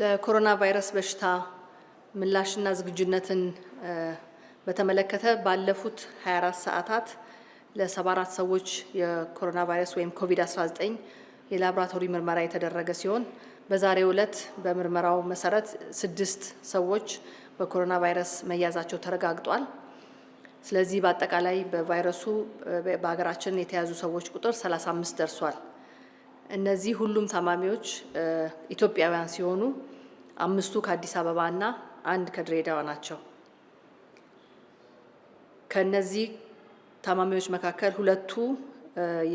ለኮሮና ቫይረስ በሽታ ምላሽና ዝግጁነትን በተመለከተ ባለፉት 24 ሰዓታት ለ74 ሰዎች የኮሮና ቫይረስ ወይም ኮቪድ-19 የላብራቶሪ ምርመራ የተደረገ ሲሆን በዛሬው ዕለት በምርመራው መሰረት ስድስት ሰዎች በኮሮና ቫይረስ መያዛቸው ተረጋግጧል። ስለዚህ በአጠቃላይ በቫይረሱ በሀገራችን የተያዙ ሰዎች ቁጥር 35 ደርሷል። እነዚህ ሁሉም ታማሚዎች ኢትዮጵያውያን ሲሆኑ አምስቱ ከአዲስ አበባ እና አንድ ከድሬዳዋ ናቸው። ከነዚህ ታማሚዎች መካከል ሁለቱ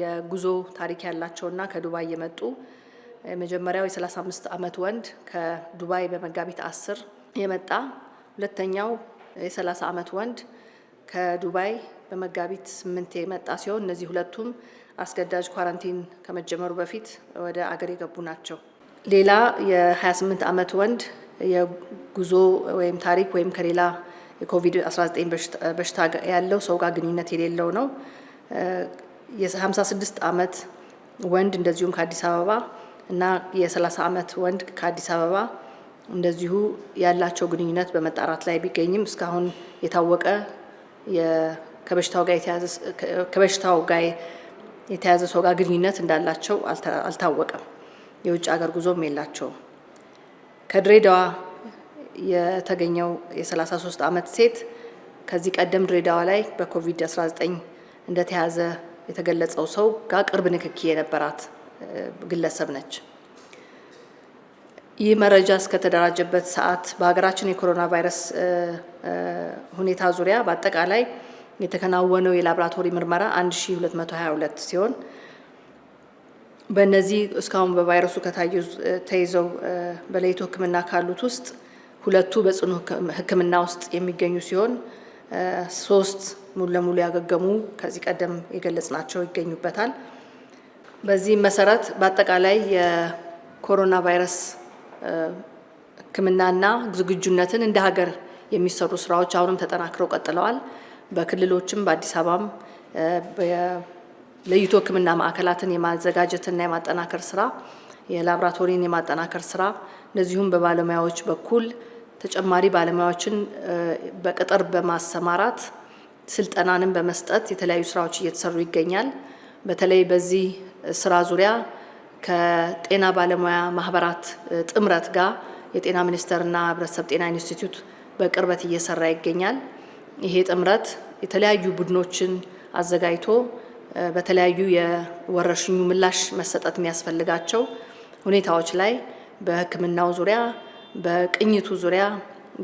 የጉዞ ታሪክ ያላቸውና ከዱባይ የመጡ የመጀመሪያው የ35 ዓመት ወንድ ከዱባይ በመጋቢት አስር የመጣ ሁለተኛው የ30 ዓመት ወንድ ከዱባይ በመጋቢት ስምንት የመጣ ሲሆን እነዚህ ሁለቱም አስገዳጅ ኳራንቲን ከመጀመሩ በፊት ወደ አገር የገቡ ናቸው። ሌላ የ28 ዓመት ወንድ የጉዞ ወይም ታሪክ ወይም ከሌላ የኮቪድ-19 በሽታ ያለው ሰው ጋር ግንኙነት የሌለው ነው። የ56 ዓመት ወንድ እንደዚሁም ከአዲስ አበባ እና የ30 ዓመት ወንድ ከአዲስ አበባ እንደዚሁ ያላቸው ግንኙነት በመጣራት ላይ ቢገኝም እስካሁን የታወቀ ከበሽታው ጋር የተያዘ ሰው ጋር ግንኙነት እንዳላቸው አልታወቀም። የውጭ ሀገር ጉዞም የላቸውም። ከድሬዳዋ የተገኘው የ33 ዓመት ሴት ከዚህ ቀደም ድሬዳዋ ላይ በኮቪድ-19 እንደተያዘ የተገለጸው ሰው ጋር ቅርብ ንክኪ የነበራት ግለሰብ ነች። ይህ መረጃ እስከተደራጀበት ሰዓት በሀገራችን የኮሮና ቫይረስ ሁኔታ ዙሪያ በአጠቃላይ የተከናወነው የላብራቶሪ ምርመራ 1222 ሲሆን በእነዚህ እስካሁን በቫይረሱ ከታዩ ተይዘው በለይቶ ሕክምና ካሉት ውስጥ ሁለቱ በጽኑ ሕክምና ውስጥ የሚገኙ ሲሆን ሶስት ሙሉ ለሙሉ ያገገሙ ከዚህ ቀደም የገለጽናቸው ይገኙበታል። በዚህም መሰረት በአጠቃላይ የኮሮና ቫይረስ ሕክምናና ዝግጁነትን እንደ ሀገር የሚሰሩ ስራዎች አሁንም ተጠናክረው ቀጥለዋል። በክልሎችም በአዲስ አበባም ለይቶ ሕክምና ማዕከላትን የማዘጋጀትና የማጠናከር ስራ፣ የላብራቶሪን የማጠናከር ስራ እንደዚሁም በባለሙያዎች በኩል ተጨማሪ ባለሙያዎችን በቅጥር በማሰማራት ስልጠናንም በመስጠት የተለያዩ ስራዎች እየተሰሩ ይገኛል። በተለይ በዚህ ስራ ዙሪያ ከጤና ባለሙያ ማህበራት ጥምረት ጋር የጤና ሚኒስቴርና ህብረተሰብ ጤና ኢንስቲትዩት በቅርበት እየሰራ ይገኛል። ይሄ ጥምረት የተለያዩ ቡድኖችን አዘጋጅቶ በተለያዩ የወረርሽኙ ምላሽ መሰጠት የሚያስፈልጋቸው ሁኔታዎች ላይ በሕክምናው ዙሪያ በቅኝቱ ዙሪያ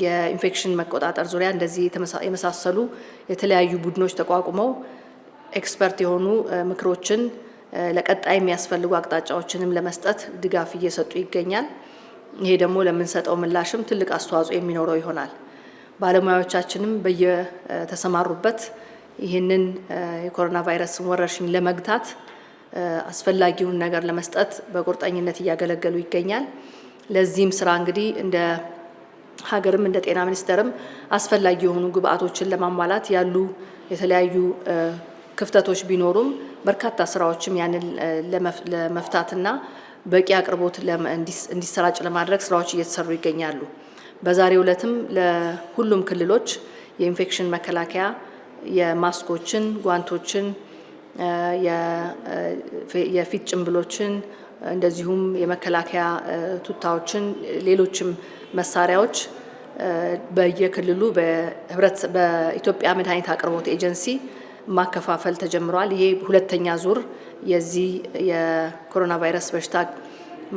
የኢንፌክሽን መቆጣጠር ዙሪያ እንደዚህ የመሳሰሉ የተለያዩ ቡድኖች ተቋቁመው ኤክስፐርት የሆኑ ምክሮችን ለቀጣይ የሚያስፈልጉ አቅጣጫዎችንም ለመስጠት ድጋፍ እየሰጡ ይገኛል። ይሄ ደግሞ ለምንሰጠው ምላሽም ትልቅ አስተዋጽኦ የሚኖረው ይሆናል። ባለሙያዎቻችንም በየተሰማሩበት ይህንን የኮሮና ቫይረስን ወረርሽኝ ለመግታት አስፈላጊውን ነገር ለመስጠት በቁርጠኝነት እያገለገሉ ይገኛል። ለዚህም ስራ እንግዲህ እንደ ሀገርም እንደ ጤና ሚኒስቴርም አስፈላጊ የሆኑ ግብአቶችን ለማሟላት ያሉ የተለያዩ ክፍተቶች ቢኖሩም በርካታ ስራዎችም ያንን ለመፍታትና በቂ አቅርቦት እንዲሰራጭ ለማድረግ ስራዎች እየተሰሩ ይገኛሉ። በዛሬው ዕለትም ለሁሉም ክልሎች የኢንፌክሽን መከላከያ የማስኮችን፣ ጓንቶችን፣ የፊት ጭንብሎችን እንደዚሁም የመከላከያ ቱታዎችን፣ ሌሎችም መሳሪያዎች በየክልሉ በኢትዮጵያ መድኃኒት አቅርቦት ኤጀንሲ ማከፋፈል ተጀምሯል። ይሄ ሁለተኛ ዙር የዚህ የኮሮና ቫይረስ በሽታ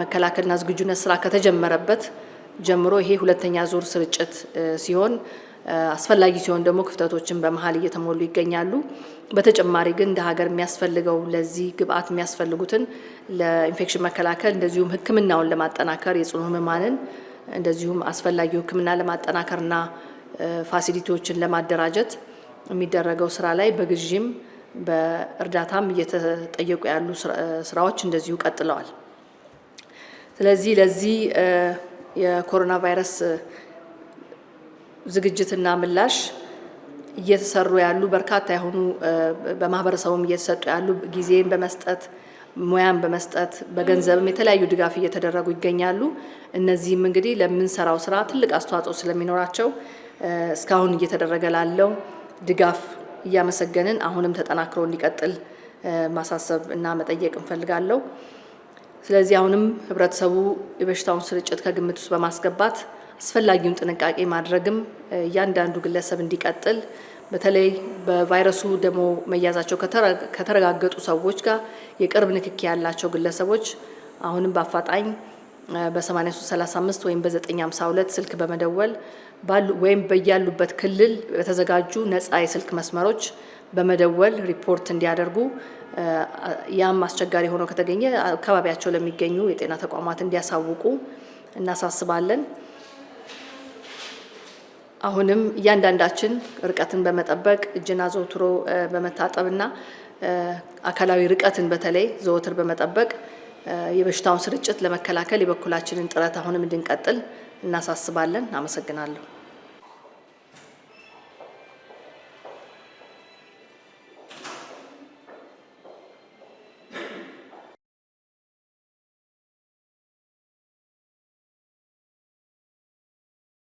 መከላከልና ዝግጁነት ስራ ከተጀመረበት ጀምሮ ይሄ ሁለተኛ ዙር ስርጭት ሲሆን አስፈላጊ ሲሆን ደግሞ ክፍተቶችን በመሀል እየተሞሉ ይገኛሉ። በተጨማሪ ግን እንደ ሀገር የሚያስፈልገው ለዚህ ግብአት የሚያስፈልጉትን ለኢንፌክሽን መከላከል እንደዚሁም ሕክምናውን ለማጠናከር የጽኑ ህመማንን እንደዚሁም አስፈላጊ ሕክምና ለማጠናከርና ፋሲሊቲዎችን ለማደራጀት የሚደረገው ስራ ላይ በግዥም በእርዳታም እየተጠየቁ ያሉ ስራዎች እንደዚሁ ቀጥለዋል። ስለዚህ ለዚህ የኮሮና ቫይረስ ዝግጅትና ምላሽ እየተሰሩ ያሉ በርካታ የሆኑ በማህበረሰቡም እየተሰጡ ያሉ ጊዜን በመስጠት ሙያን በመስጠት በገንዘብም የተለያዩ ድጋፍ እየተደረጉ ይገኛሉ። እነዚህም እንግዲህ ለምንሰራው ስራ ትልቅ አስተዋጽኦ ስለሚኖራቸው እስካሁን እየተደረገ ላለው ድጋፍ እያመሰገንን አሁንም ተጠናክሮ እንዲቀጥል ማሳሰብ እና መጠየቅ እንፈልጋለሁ። ስለዚህ አሁንም ህብረተሰቡ የበሽታውን ስርጭት ከግምት ውስጥ በማስገባት አስፈላጊውን ጥንቃቄ ማድረግም እያንዳንዱ ግለሰብ እንዲቀጥል በተለይ በቫይረሱ ደግሞ መያዛቸው ከተረጋገጡ ሰዎች ጋር የቅርብ ንክኪ ያላቸው ግለሰቦች አሁንም በአፋጣኝ በ8335 ወይም በ952 ስልክ በመደወል ወይም በያሉበት ክልል በተዘጋጁ ነፃ የስልክ መስመሮች በመደወል ሪፖርት እንዲያደርጉ ያም አስቸጋሪ ሆኖ ከተገኘ አካባቢያቸው ለሚገኙ የጤና ተቋማት እንዲያሳውቁ እናሳስባለን። አሁንም እያንዳንዳችን ርቀትን በመጠበቅ እጅን አዘውትሮ በመታጠብና አካላዊ ርቀትን በተለይ ዘወትር በመጠበቅ የበሽታውን ስርጭት ለመከላከል የበኩላችንን ጥረት አሁንም እንድንቀጥል እናሳስባለን። አመሰግናለሁ።